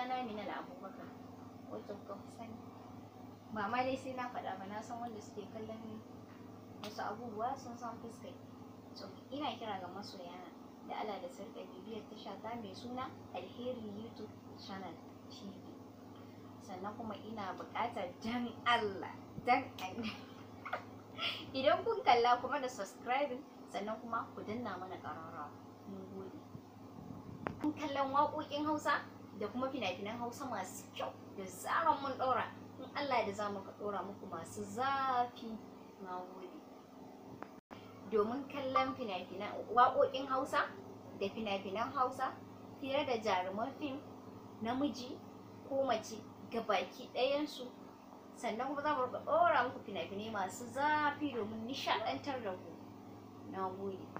na suna na Amina da ka. wacce kuka fi Mama, ba ma na sai na sa ba na ka lang. suke kallon wasu abubuwa sa san fuskar so ina kira ga yan. da ala da sarka bibiyar siya ta may suna alheri youtube channel tv sannan kuma ina buƙatar dan allah dan idan kun kalla kuma da subscribing sannan kuma ku danna mana karara. mun gode kun kallon waƙoƙin hausa da kuma fina-finan hausa masu kyau da zarar mun ɗora in allah da za mu ka ɗora muku masu zafi na gode domin kallon fina-finan waƙoƙin hausa da fina-finan hausa fiye da jaruman fim namiji ko mace ga baki ɗayansu sannan kuma za mu ka ɗora muku fina-finai masu zafi domin nishaɗantar da ku na gode